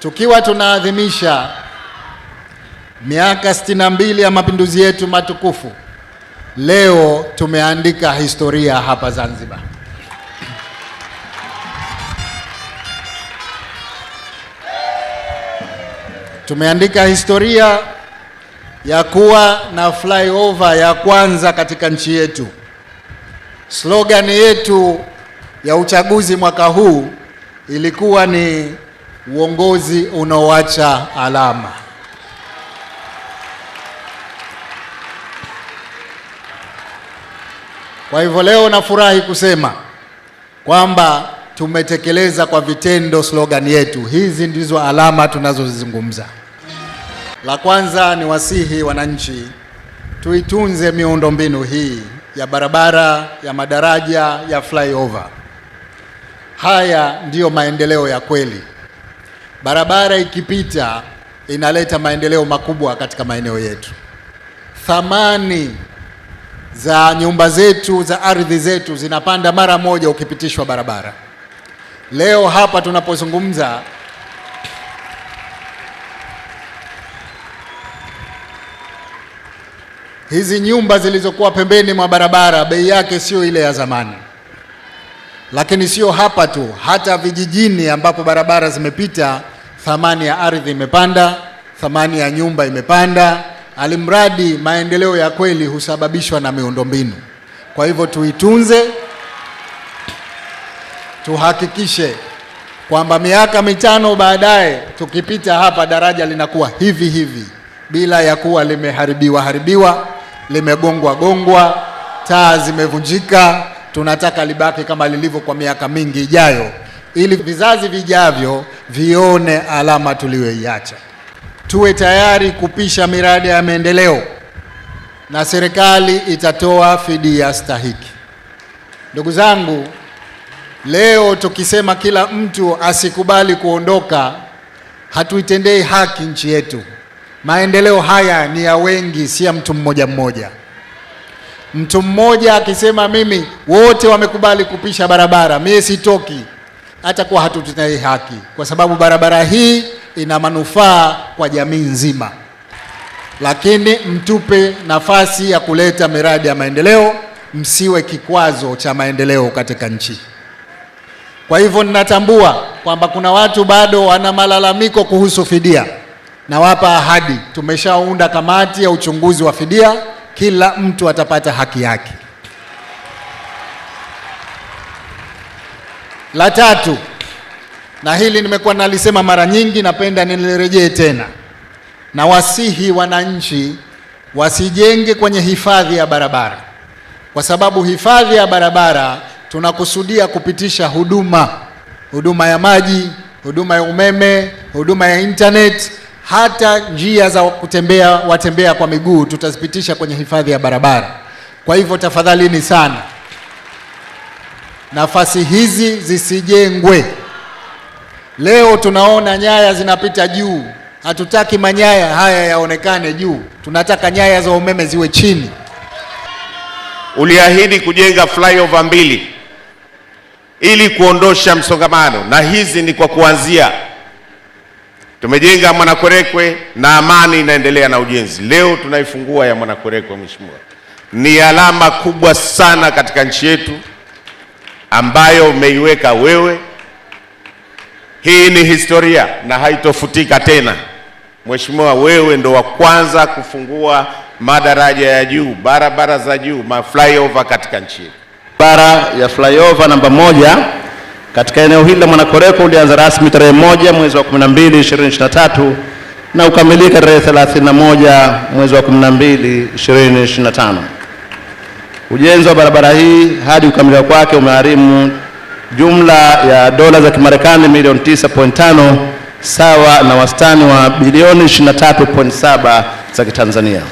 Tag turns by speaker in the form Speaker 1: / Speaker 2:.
Speaker 1: Tukiwa tunaadhimisha miaka sitini na mbili ya mapinduzi yetu matukufu, leo tumeandika historia hapa Zanzibar. Tumeandika historia ya kuwa na flyover ya kwanza katika nchi yetu. Slogan yetu ya uchaguzi mwaka huu ilikuwa ni uongozi unaoacha alama. Kwa hivyo leo nafurahi kusema kwamba tumetekeleza kwa vitendo slogan yetu. Hizi ndizo alama tunazozizungumza. La kwanza ni wasihi wananchi tuitunze miundombinu hii ya barabara, ya madaraja, ya flyover. Haya ndiyo maendeleo ya kweli. Barabara ikipita inaleta maendeleo makubwa katika maeneo yetu. Thamani za nyumba zetu za ardhi zetu zinapanda mara moja ukipitishwa barabara. Leo hapa tunapozungumza, hizi nyumba zilizokuwa pembeni mwa barabara bei yake sio ile ya zamani. Lakini sio hapa tu, hata vijijini ambapo barabara zimepita thamani ya ardhi imepanda, thamani ya nyumba imepanda. Alimradi maendeleo ya kweli husababishwa na miundombinu. Kwa hivyo tuitunze, tuhakikishe kwamba miaka mitano baadaye tukipita hapa daraja linakuwa hivi hivi, bila ya kuwa limeharibiwa haribiwa, limegongwa gongwa, taa zimevunjika. Tunataka libaki kama lilivyo kwa miaka mingi ijayo, ili vizazi vijavyo vione alama tuliyoiacha. Tuwe tayari kupisha miradi ya maendeleo na serikali itatoa fidia stahiki. Ndugu zangu, leo tukisema kila mtu asikubali kuondoka, hatuitendei haki nchi yetu. Maendeleo haya ni ya wengi, si ya mtu mmoja mmoja. Mtu mmoja akisema mimi, wote wamekubali kupisha barabara, mie sitoki hata kuwa hatutendei haki, kwa sababu barabara hii ina manufaa kwa jamii nzima, lakini mtupe nafasi ya kuleta miradi ya maendeleo, msiwe kikwazo cha maendeleo katika nchi. Kwa hivyo ninatambua kwamba kuna watu bado wana malalamiko kuhusu fidia. Nawapa ahadi, tumeshaunda kamati ya uchunguzi wa fidia, kila mtu atapata haki yake. La tatu, na hili nimekuwa nalisema mara nyingi, napenda nilirejee tena, na wasihi wananchi wasijenge kwenye hifadhi ya barabara, kwa sababu hifadhi ya barabara tunakusudia kupitisha huduma, huduma ya maji, huduma ya umeme, huduma ya internet, hata njia za kutembea watembea kwa miguu tutazipitisha kwenye hifadhi ya barabara. Kwa hivyo tafadhalini sana nafasi hizi zisijengwe. Leo tunaona nyaya zinapita juu, hatutaki manyaya haya yaonekane juu, tunataka nyaya za umeme ziwe chini. Uliahidi kujenga flyover mbili ili kuondosha msongamano, na hizi ni kwa kuanzia. Tumejenga Mwanakwerekwe na Amani inaendelea na ujenzi. Leo tunaifungua ya Mwanakwerekwe, mheshimiwa, ni alama kubwa sana katika nchi yetu ambayo umeiweka wewe. Hii ni historia na haitofutika tena. Mheshimiwa, wewe ndo wa kwanza kufungua madaraja ya juu, barabara za juu, ma flyover katika nchi.
Speaker 2: bara ya flyover namba moja katika eneo hili la Mwanakoreko ulianza rasmi tarehe moja mwezi wa 12 2023 na ukamilika tarehe 31 mwezi wa 12 2025. Ujenzi wa barabara hii hadi kukamilika kwake umegharimu jumla ya dola za Kimarekani milioni 9.5 sawa na wastani wa bilioni 23.7 za Kitanzania.